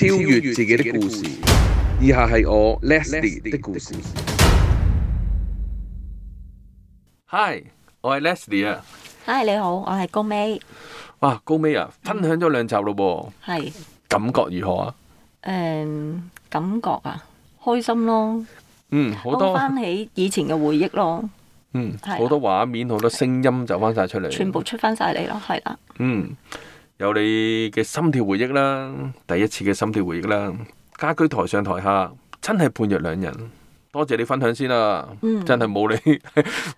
超越自己的故事，以下係我 Leslie 的故事。Hi，我係 Leslie 啊。Hi，你好，我係高美。哇，高美啊，分享咗兩集咯噃。係。感覺如何啊？誒，感覺啊，開心咯。嗯，好多。翻起以前嘅回憶咯。嗯，係。好多畫面，好多聲音，就翻晒出嚟。全部出翻晒嚟咯，係啦。嗯。有你嘅心跳回憶啦，第一次嘅心跳回憶啦。家居台上台下真係判若兩人，多謝你分享先啦。嗯，真係冇你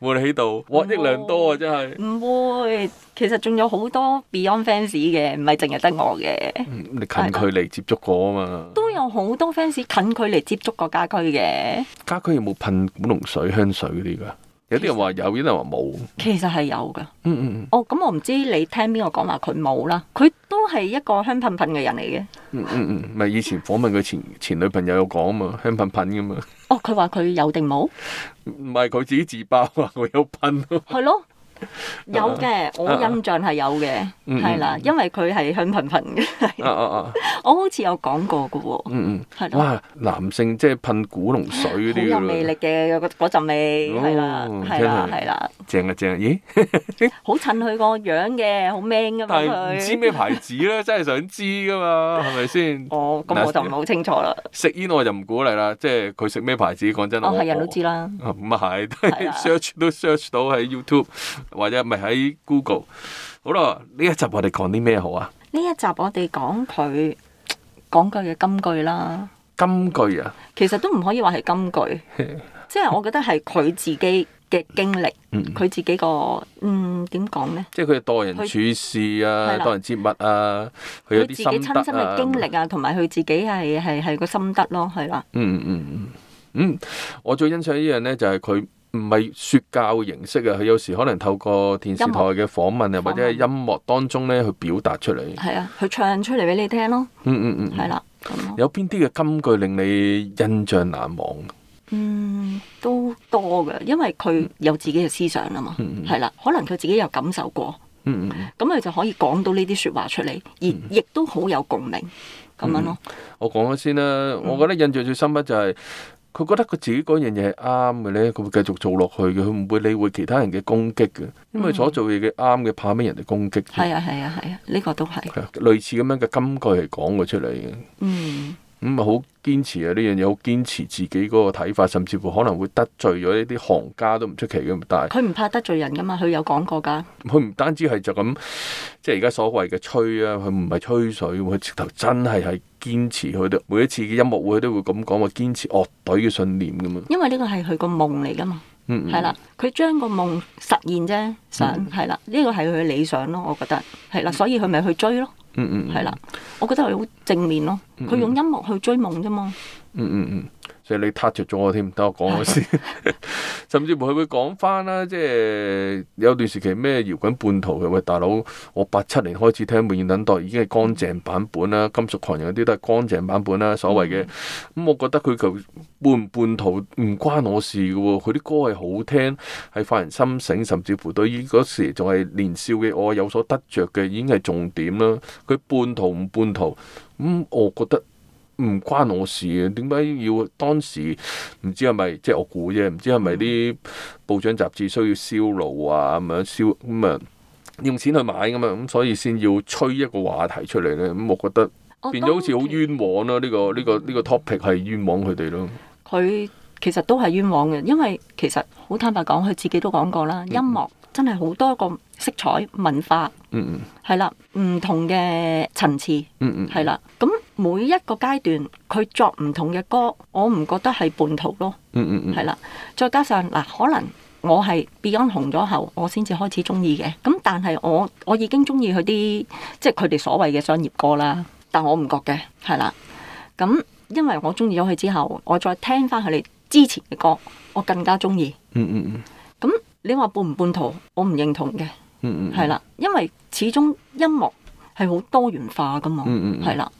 冇你喺度，會哇，獲益良多啊，真係。唔會，其實仲有好多 Beyond fans 嘅，唔係淨係得我嘅。你近距離接觸過啊嘛？都有好多 fans 近距離接觸過家居嘅。家居有冇噴古龍水、香水嗰啲噶？有啲人話有，有啲人話冇。其實係有噶。嗯嗯哦，咁我唔知你聽邊個講話佢冇啦。佢都係一個香噴噴嘅人嚟嘅。嗯嗯嗯，咪以前訪問佢前 前女朋友有講嘛，香噴噴噶嘛。哦，佢話佢有定冇？唔係佢自己自爆話佢有噴啊。係咯。有嘅，我印象係有嘅，係啦，因為佢係香噴噴嘅，我好似有講過嘅喎，嗯嗯，係哇，男性即係噴古龍水嗰啲咯，好有魅力嘅嗰嗰陣味，係啦係啦係啦，正啊正啊，咦，好襯佢個樣嘅，好 man 噶嘛，唔知咩牌子咧？真係想知噶嘛，係咪先？哦，咁我就唔係好清楚啦。食煙我就唔鼓勵啦，即係佢食咩牌子？講真，哦係人都知啦，咁啊係，search 都 search 到喺 YouTube。或者咪喺 Google？好啦，呢一集我哋講啲咩好啊？呢一集我哋講佢講句嘅金句啦。金句啊？其實都唔可以話係金句，即係 我覺得係佢自己嘅經歷，佢、嗯、自己個嗯點講咧？呢即係佢嘅待人處事啊，待人接物啊，佢、啊、自己親身嘅經歷啊，同埋佢自己係係係個心得咯，係啦。嗯嗯嗯嗯，我最欣賞呢樣咧就係、是、佢。嗯嗯唔係說教形式啊，佢有時可能透過電視台嘅訪問啊，樂或者係音樂當中咧去表達出嚟。係啊，佢唱出嚟俾你聽咯。嗯嗯嗯，係啦咁咯。有邊啲嘅金句令你印象難忘？嗯，都多㗎，因為佢有自己嘅思想啊嘛。嗯嗯。係啦，可能佢自己有感受過。嗯，嗯嗯。咁佢就可以講到呢啲說話出嚟，而亦都好有共鳴咁、嗯嗯、樣咯。我講咗先啦，嗯嗯我覺得印象最深刻就係、是。佢覺得佢自己嗰樣嘢係啱嘅咧，佢會繼續做落去嘅，佢唔會理會其他人嘅攻擊嘅，因為所做嘢嘅啱嘅，怕咩人哋攻擊？係啊係啊係啊，呢個都係類似咁樣嘅金句係講過出嚟嘅。嗯。咁啊，好、嗯、堅持啊！呢樣嘢好堅持自己嗰個睇法，甚至乎可能會得罪咗呢啲行家都唔出奇咁，但係佢唔怕得罪人噶嘛，佢有講過噶。佢唔單止係就咁，即係而家所謂嘅吹啊，佢唔係吹水，佢直頭真係係堅持佢每一次嘅音樂會都會咁講話，堅持樂隊嘅信念咁啊。因為呢個係佢個夢嚟噶嘛，係啦、嗯嗯，佢將個夢實現啫，想係啦，呢個係佢嘅理想咯，我覺得係啦，所以佢咪去追咯。嗯嗯，係啦、mm hmm.，我覺得係好正面咯，佢用音樂去追夢啫嘛。嗯嗯嗯。Hmm. 即係你 touch 著咗我添，等我講我先。 甚至乎佢會講翻啦，即係有段時期咩搖滾半途佢喂，大佬，我八七年開始聽《永遠等待》，已經係乾淨版本啦，《金屬狂人》嗰啲都係乾淨版本啦，所謂嘅。咁、嗯嗯嗯、我覺得佢求半半途唔關我事嘅喎，哦，佢啲歌係好聽，係發人心醒，甚至乎對於嗰時仲係年少嘅我，哦、有所得着嘅，已經係重點啦。佢半途唔半途，咁、嗯、我覺得。唔關我事啊！點解要當時唔知係咪即係我估啫？唔知係咪啲報章雜誌需要銷路啊，咁樣銷咁啊，用錢去買㗎嘛，咁所以先要吹一個話題出嚟咧。咁我覺得變咗好似好冤枉咯、啊！呢個呢個呢個 topic 係冤枉佢哋咯。佢其實都係冤枉嘅，因為其實好坦白講，佢自己都講過啦。音樂真係好多個色彩文化，嗯嗯，係啦，唔同嘅層次，嗯嗯，係啦，咁、嗯。每一個階段佢作唔同嘅歌，我唔覺得係叛徒咯。嗯嗯嗯，係、嗯、啦。再加上嗱、啊，可能我係 Beyond 紅咗後，我先至開始中意嘅。咁但係我我已經中意佢啲即係佢哋所謂嘅商業歌啦。但我唔覺嘅，係啦。咁因為我中意咗佢之後，我再聽翻佢哋之前嘅歌，我更加中意、嗯。嗯嗯嗯。咁你話叛唔叛徒，我唔認同嘅。嗯嗯，係啦，因為始終音樂係好多元化噶嘛。嗯嗯，係啦。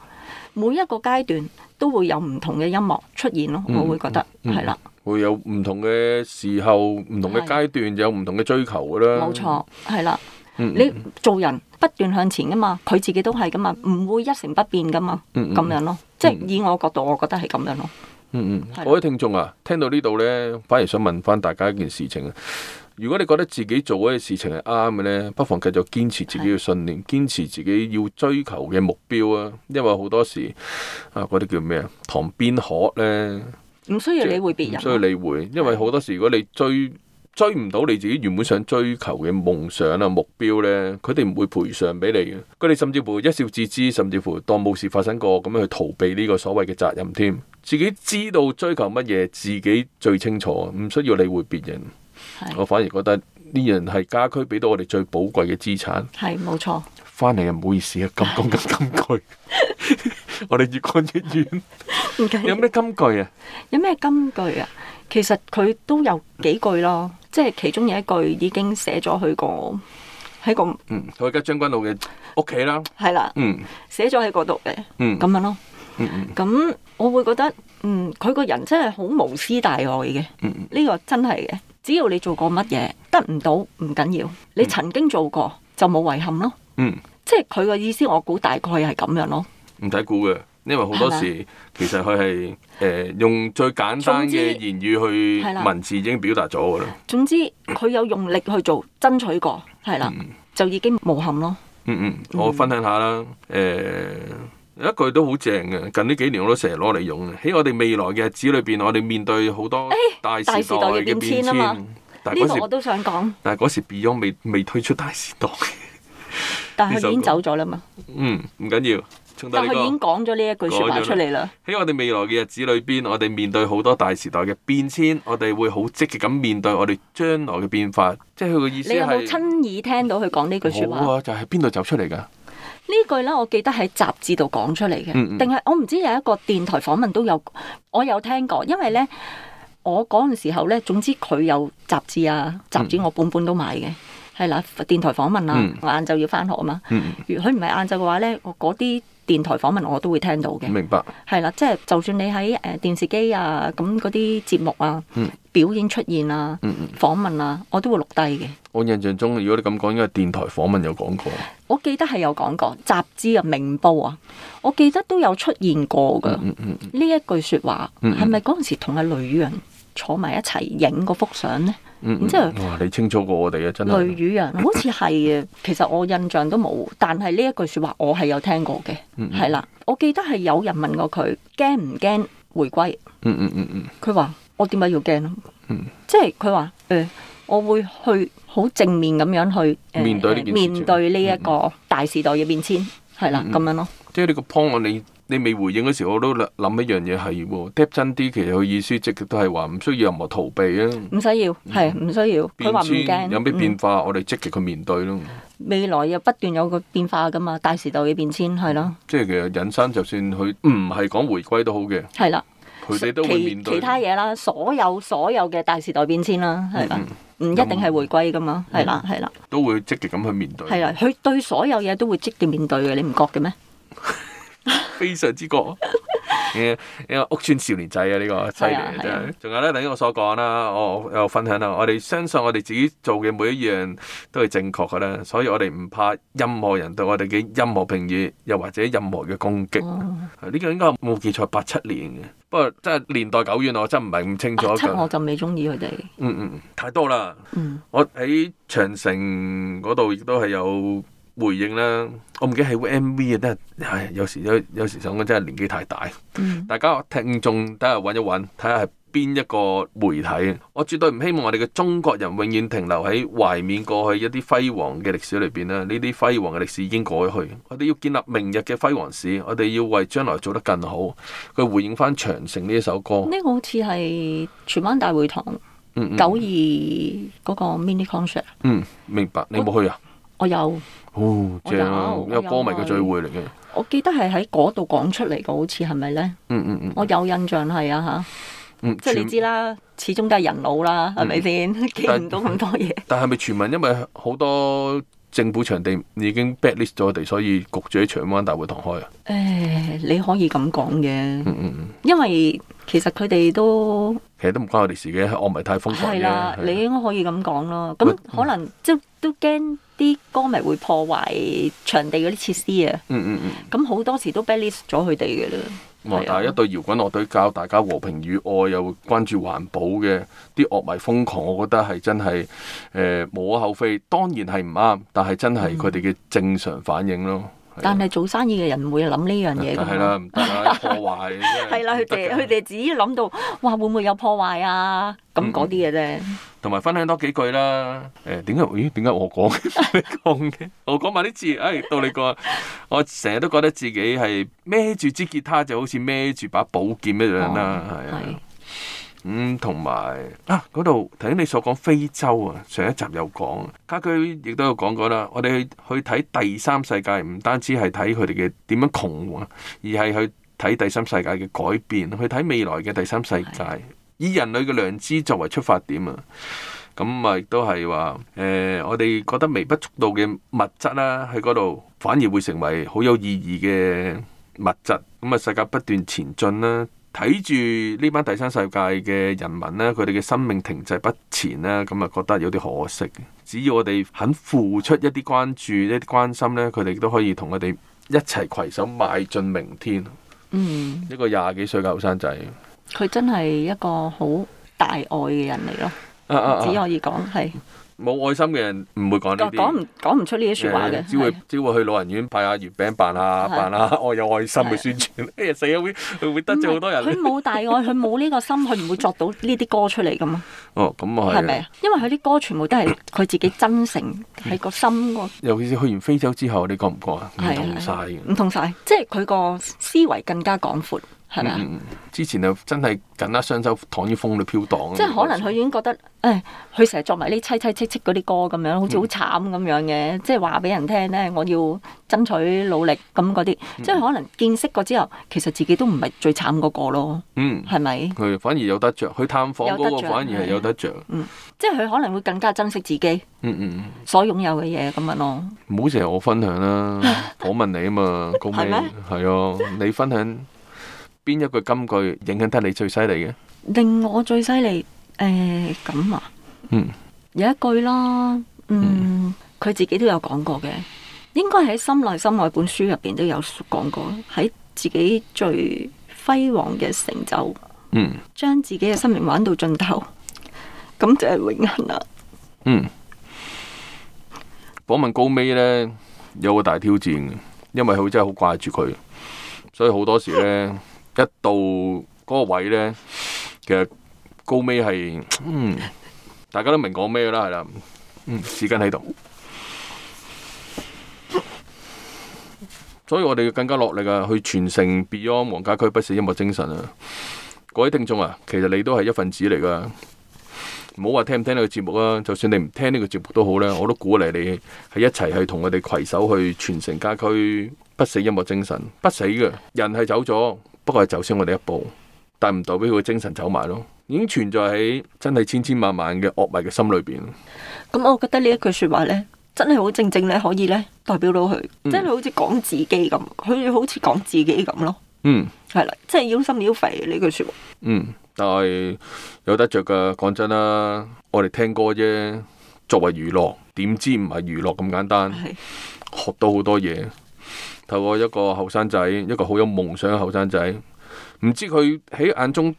每一個階段都會有唔同嘅音樂出現咯，我會覺得係、嗯嗯、啦，會有唔同嘅時候、唔同嘅階段的有唔同嘅追求噶啦，冇錯，係啦，嗯、你做人不斷向前噶嘛，佢自己都係噶嘛，唔會一成不變噶嘛，咁、嗯嗯、樣咯，即係以我角度，嗯、我覺得係咁樣咯。嗯嗯，嗯的各位聽眾啊，聽到呢度咧，反而想問翻大家一件事情啊。如果你覺得自己做嗰嘅事情係啱嘅呢，不妨繼續堅持自己嘅信念，的堅持自己要追求嘅目標啊。因為好多時啊，嗰啲叫咩啊，塘邊鶴呢，唔需要理會別人，唔需要理會。因為好多時，如果你追追唔到你自己原本想追求嘅夢想啊目標呢，佢哋唔會賠償俾你。佢哋甚至乎一笑置之，甚至乎當冇事發生過咁樣去逃避呢個所謂嘅責任。添自己知道追求乜嘢，自己最清楚，唔需要理會別人。是我反而覺得呢樣係家居俾到我哋最寶貴嘅資產。係，冇錯。翻嚟啊，唔好意思啊，咁講緊金句， 我哋越講越遠。有咩金句啊？有咩金句啊？其實佢都有幾句咯，即係其中有一句已經寫咗去過個喺個佢而家將軍澳嘅屋企啦，係啦，嗯，寫咗喺嗰度嘅，嗯，咁樣咯，咁我會覺得，嗯，佢個人真係好無私大愛嘅，呢、嗯、個真係嘅。只要你做過乜嘢得唔到，唔緊要，你曾經做過、嗯、就冇遺憾咯。嗯，即係佢個意思，我估大概係咁樣咯。唔使估嘅，因為好多時係啦，其實佢係誒用最簡單嘅言語去文字已經表達咗噶啦。總之佢有用力去做爭取過，係啦、嗯、就已經無憾咯。嗯嗯，我分享下啦，誒、嗯。嗯一句都好正嘅，近呢幾年我都成日攞嚟用嘅。喺我哋未來嘅日子裏邊，我哋面對好多大時代嘅變遷吖嘛。呢度、欸、我都想講，但係嗰時 Beyond 未未推出大時代。但係佢已經走咗啦嘛。 嗯，唔緊要，但佢已經講咗呢一句話說話了出嚟啦。喺我哋未來嘅日子裏邊，我哋面對好多大時代嘅變遷，我哋會好積極咁面對我哋將來嘅變化。即係佢嘅意思。你有冇親耳聽到佢講呢句說話？啊、就係邊度走出嚟噶？呢句咧，我記得喺雜誌度講出嚟嘅，定係我唔知有一個電台訪問都有，我有聽過。因為咧，我嗰陣時候咧，總之佢有雜誌啊，雜誌我本本都買嘅。係啦，電台訪問啊，我晏晝要翻學啊嘛。如果佢唔係晏晝嘅話咧，我嗰啲。電台訪問我都會聽到嘅，明白。係啦，即係就算你喺誒電視機啊，咁嗰啲節目啊，嗯、表演出現啊，訪、嗯嗯、問啊，我都會錄低嘅。我印象中，如果你咁講，應該係電台訪問有講過。我記得係有講過，雜誌啊、明報啊，我記得都有出現過噶呢、嗯嗯嗯、一句說話係咪嗰陣時同阿女人？坐埋一齊影嗰幅相咧，然之後哇，你清楚過我哋嘅真係。鯉魚啊，好似係啊，其實我印象都冇，但係呢一句説話我係有聽過嘅，係、嗯嗯、啦，我記得係有人問過佢驚唔驚回歸，嗯嗯嗯嗯，佢話我點解要驚？嗯，即係佢話誒，我會去好正面咁樣去面對呢一件。面對呢一個大時代嘅變遷，係、嗯嗯嗯、啦，咁樣咯。屌你個 pon，我哋。你未回應嗰時，我都諗一樣嘢係喎，tap 真啲，其實佢意思直極都係話唔需要任何逃避啊。唔需要，係唔需要。佢話唔驚。有咩變化，我哋積極去面對咯。未來又不斷有個變化噶嘛，大時代嘅變遷係咯。即係其實人生，就算佢唔係講回歸都好嘅。係啦，佢哋都會面對其他嘢啦，所有所有嘅大時代變遷啦，係啦，唔一定係回歸噶嘛，係啦，係啦。都會積極咁去面對。係啦，佢對所有嘢都會積極面對嘅，你唔覺嘅咩？非常之過，呢 個屋村少年仔啊，呢個犀利嘅真係。仲有咧，等於我所講啦，我又分享啦，我哋相信我哋自己做嘅每一樣都係正確㗎啦，所以我哋唔怕任何人對我哋嘅任何評語，又或者任何嘅攻擊。呢個、哦、應該冇記錯，八七年嘅。不過真係年代久遠，我真唔係咁清楚、啊。七我就未中意佢哋。嗯嗯，太多啦。嗯、我喺長城嗰度亦都係有。回應啦，我唔記得係 MV 啊，真係，唉有時有有時想，講真係年紀太大。嗯，大家聽眾等下找找，揾一揾，睇下係邊一個媒體。我絕對唔希望我哋嘅中國人永遠停留喺懷緬過去一啲輝煌嘅歷史裏邊啦。呢啲輝煌嘅歷史已經過去，我哋要建立明日嘅輝煌史。我哋要為將來做得更好。佢回應翻《長城》呢一首歌。呢個好似係荃灣大會堂，九二嗰個 mini concert。嗯，明白。你有冇去啊？我有，好、哦、有正啊！有一個歌迷嘅聚會嚟嘅。我記得係喺嗰度講出嚟嘅，好似係咪咧？嗯嗯嗯，我有印象係啊吓？嗯，即係你知啦，全始終都係人老啦，係咪先記唔到咁多嘢、嗯？但係咪傳聞？因為好多。政府場地已經 bad list 咗我哋，所以焗住喺荃灣大會堂開啊。誒，你可以咁講嘅。嗯嗯，因為其實佢哋都其實都唔關我哋事嘅，我唔係太風水係啦，的的你應該可以咁講咯。咁、嗯、可能即都驚啲歌迷會破壞場地嗰啲設施啊。嗯嗯嗯。咁好多時都 bad list 咗佢哋嘅啦。哦，但係一對搖滾樂隊教大家和平與愛，又關注環保嘅啲樂迷瘋狂，我覺得係真係誒，呃，無可厚非。當然係唔啱，但係真係佢哋嘅正常反應咯。但係做生意嘅人唔會諗呢樣嘢㗎。係啦，唔得啦，破壞，真係。 係啦，佢哋佢哋自己諗到，哇會唔會有破壞啊？咁嗰啲嘢啫。同、嗯、埋分享多幾句啦。誒點解？咦點解我講嘅、 哎？我講嘅，我講埋啲字。誒到你講。我成日都覺得自己係孭住支吉他就好似孭住把寶劍一樣啦。係啊、哦。咁同埋啊，嗰度頭先你所講非洲啊，上一集有講，家居亦都有講過啦。我哋去去睇第三世界，唔單止係睇佢哋嘅點樣窮，而係去睇第三世界嘅改變，去睇未來嘅第三世界，的以人類嘅良知作為出發點啊。咁咪都係話誒，我哋覺得微不足道嘅物質啦，喺嗰度反而會成為好有意義嘅物質。咁、嗯、啊，世界不斷前進啦。睇住呢班第三世界嘅人民呢，佢哋嘅生命停滯不前咧，咁啊，覺得有啲可惜。只要我哋肯付出一啲關注、一啲關心呢，佢哋都可以同我哋一齊攜手邁進明天。嗯，一個廿幾歲嘅後生仔，佢真係一個好大愛嘅人嚟咯。只、啊啊啊、可以講，係、啊啊啊。冇愛心嘅人唔會講呢啲，講唔講唔出呢啲説話嘅，只會是的 只會去老人院派下月餅辦啊辦啊，扮下扮下，我有愛心去宣傳是的。 哎呀死啦，會會得罪好多人。佢冇大愛，佢冇呢個心，佢唔會作到呢啲歌出嚟噶嘛。哦，咁、嗯、啊，係咪啊？因為佢啲歌全部都係佢自己真誠喺個心個。尤其是去完非洲之後，你覺唔覺啊？唔同晒。唔同晒，即係佢個思維更加廣闊。係咪之前就真係緊握雙手躺喺風裏飄蕩。即係可能佢已經覺得，誒，佢成日作埋呢悽悽戚戚嗰啲歌咁樣，好似好慘咁樣嘅。即係話俾人聽咧，我要爭取努力咁嗰啲。即係可能見識過之後，其實自己都唔係最慘嗰個咯。嗯，係咪？佢反而有得着，去探訪嗰個反而係有得着，即係佢可能會更加珍惜自己。嗯嗯，所擁有嘅嘢咁樣咯。唔好成日我分享啦，我問你啊嘛，恭喜，係啊，你分享。邊一句金句影響得你最犀利嘅？令我最犀利誒，咁、呃、啊，嗯，有一句啦，嗯，佢、嗯、自己都有講過嘅，應該喺《心內心外》本書入邊都有講過，喺自己最輝煌嘅成就，嗯，將自己嘅生命玩到盡頭，咁就係永恆啦。嗯，訪問高尾呢，有個大挑戰，因為佢真係好掛住佢，所以好多時呢。 一到嗰個位呢，其實高尾係，嗯，大家都明講咩啦，係啦，嗯，時間喺度，所以我哋要更加落力啊，去傳承 Beyond 黃家駒不死音樂精神啊！各位聽眾啊，其實你都係一份子嚟噶，唔好話聽唔聽呢個節目啊。就算你唔聽呢個節目都好咧，我都鼓勵你係一齊去同我哋攜手去傳承家駒不死音樂精神，不死嘅人係走咗。不過係走先我哋一步，但唔代表佢精神走埋咯，已經存在喺真係千千萬萬嘅惡迷嘅心裏邊。咁我覺得呢一句說話咧，真係好正正咧，可以咧代表到佢，真係好似講自己咁，佢好似講自己咁咯。嗯，係啦，真係要心要肺呢句說話。嗯，但係有得着噶，講真啦，我哋聽歌啫，作為娛樂，點知唔係娛樂咁簡單，學到好多嘢。透過一個後生仔，一個好有夢想嘅後生仔，唔知佢喺眼中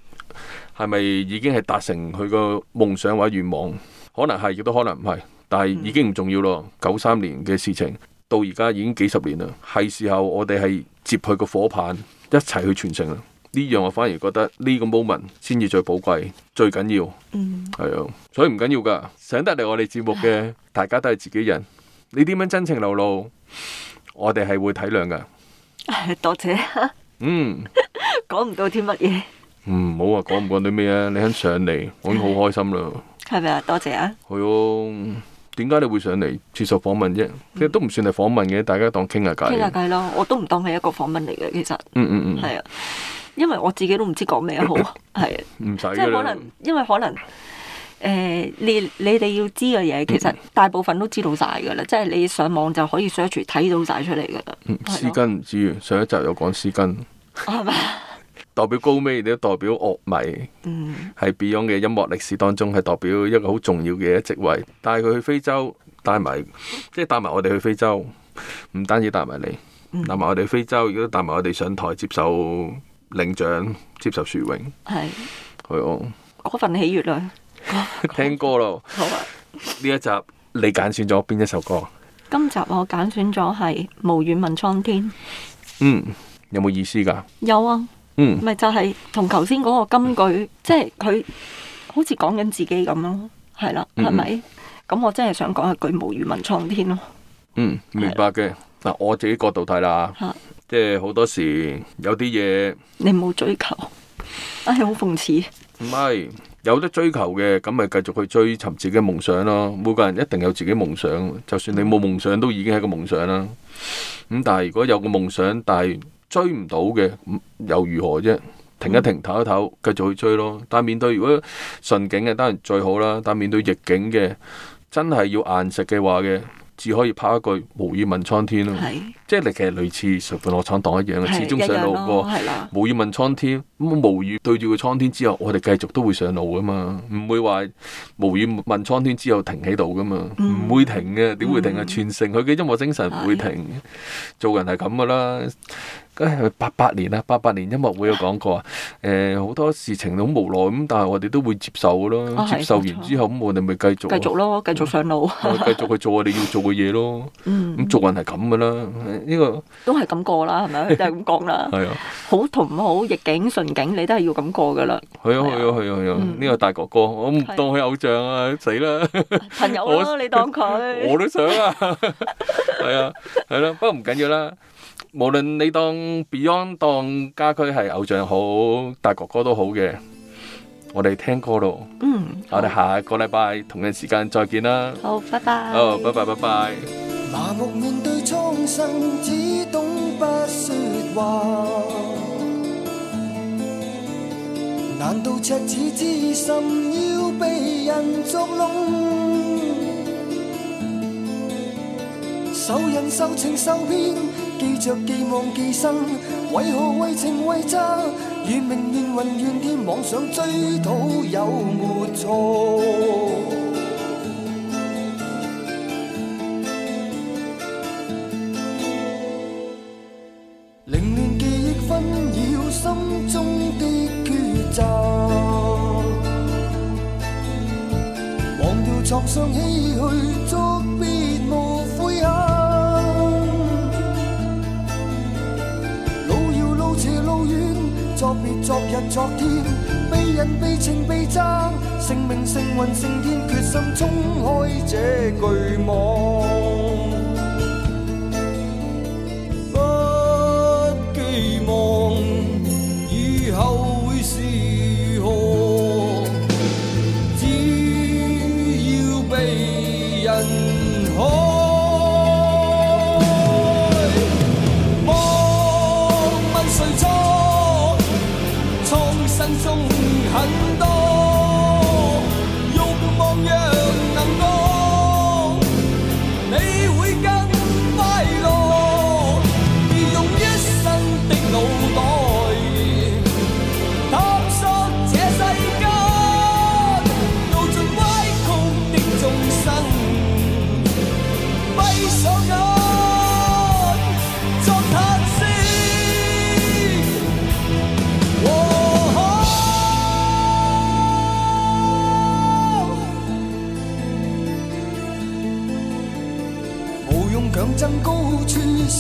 係咪已經係達成佢個夢想或者願望？可能係，亦都可能唔係，但係已經唔重要咯。嗯，九三年嘅事情到而家已經幾十年啦，係時候我哋係接佢個火棒，一齊去傳承啦。呢樣我反而覺得呢個 moment 先至最寶貴、最緊要。嗯，係啊，所以唔緊要噶，上得嚟我哋節目嘅，大家都係自己人，你點樣真情流露？我哋係會體諒噶，多謝。嗯，講唔到啲乜嘢。嗯，好啊，講唔講啲咩啊？你肯上嚟，我已經好開心咯。係咪啊？多謝啊！係哦，點解你會上嚟接受訪問啫？其實都唔算係訪問嘅，大家當傾下偈。傾下偈咯，我都唔當係一個訪問嚟嘅，其實。嗯嗯嗯。係啊，因為我自己都唔知講咩好，係啊，唔使。即係可能，因為可能。誒、欸，你你哋要知嘅嘢，其實大部分都知道晒噶啦，嗯、即係你上網就可以 search 睇到晒出嚟噶啦。詩根唔知，上一集有講詩根，吧 代表高美，你都代表惡迷。嗯，喺 Beyond 嘅音樂歷史當中，係代表一個好重要嘅職位。帶佢去非洲，帶埋即係帶埋我哋去非洲，唔單止帶埋你，嗯、帶埋我哋去非洲，如果帶埋我哋上台接受領獎，接受殊榮。係，係哦，嗰份喜悅啦～聽歌咯，好啊！呢一集你揀選咗邊一首歌？今集我揀選咗係《無語問蒼天》。嗯，有冇意思噶？有啊。嗯，咪就係同頭先嗰個金句，即係佢好似講緊自己咁咯。係啦，係咪？咁我真係想講一句無語問蒼天咯。嗯，明白嘅。嗱，我自己角度睇啦，即係好多時有啲嘢，你冇追求，係好諷刺。唔係。有得追求嘅，咁咪繼續去追尋自己嘅夢想咯。每個人一定有自己夢想，就算你冇夢想都已經係個夢想啦。咁但係如果有個夢想，但係追唔到嘅，又如何啫？停一停，唞一唞，繼續去追咯。但係面對如果順境嘅當然最好啦。但係面對逆境嘅，真係要硬食嘅話嘅，只可以拍一句無語問蒼天咯。即係其實類似上半落廠黨一樣嘅，始終上路個無語問蒼天。咁無語對住個蒼天之後，我哋繼續都會上路噶嘛，唔會話無語問蒼天之後停喺度噶嘛，唔會停嘅，點會停啊？傳承佢嘅音樂精神唔會停。做人係咁噶啦，八八年啊，八八年音樂會有講過啊。誒，好多事情都好無奈咁，但係我哋都會接受嘅咯。接受完之後，咁我哋咪繼續。繼續咯，繼續上路。繼續去做我哋要做嘅嘢咯。嗯，咁做人係咁噶啦。呢個都係咁過啦，係咪啊？就係咁講啦，係啊，好同唔好逆境順境，你都係要咁過噶啦。係啊，係啊，係啊，係啊！呢個大哥哥，我唔當佢偶像啊，死啦！朋友咯，你當佢。我都想啊，係啊，係咯。不過唔緊要啦，無論你當 Beyond 當家駒係偶像好，大哥哥都好嘅。我哋聽歌咯，嗯，我哋下一個禮拜同一時間再見啦。好，拜拜。哦，拜拜，拜拜。一生只懂不説話，難道赤子之心要被人捉弄？受人受情受騙，記着記忘記生，為何為情為詐？怨命怨運怨天，妄想追討有冇錯？莫上唏噓，作別無悔恨。路遙路斜路遠，作別昨日昨天。悲人悲情悲爭，勝名、勝運、勝天。決心衝開這巨網。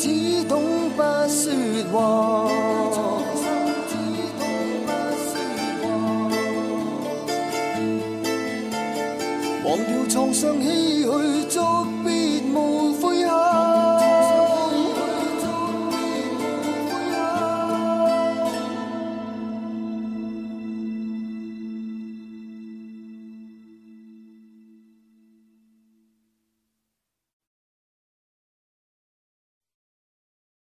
只懂不説話，忘掉創傷。